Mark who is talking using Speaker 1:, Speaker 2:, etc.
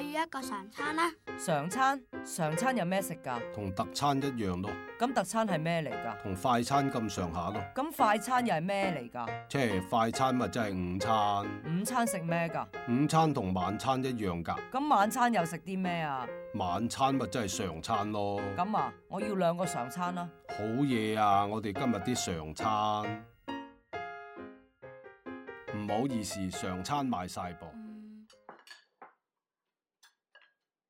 Speaker 1: 我要一個常
Speaker 2: 餐啦、啊，常
Speaker 3: 餐常餐有咩食噶？
Speaker 4: 同特餐一樣咯。咁特
Speaker 3: 餐係咩嚟噶？
Speaker 4: 同快餐咁上下咯。
Speaker 3: 咁快餐又係咩嚟噶？
Speaker 4: 即係快餐咪即係午餐。午餐食咩噶？午餐同晚餐一樣噶。
Speaker 3: 咁晚餐又食啲咩啊？
Speaker 4: 晚餐咪即係常餐咯。咁
Speaker 5: 啊，我要兩個常餐啦。
Speaker 4: 好嘢啊！我哋今日啲常餐。唔好意思，常餐賣晒噃。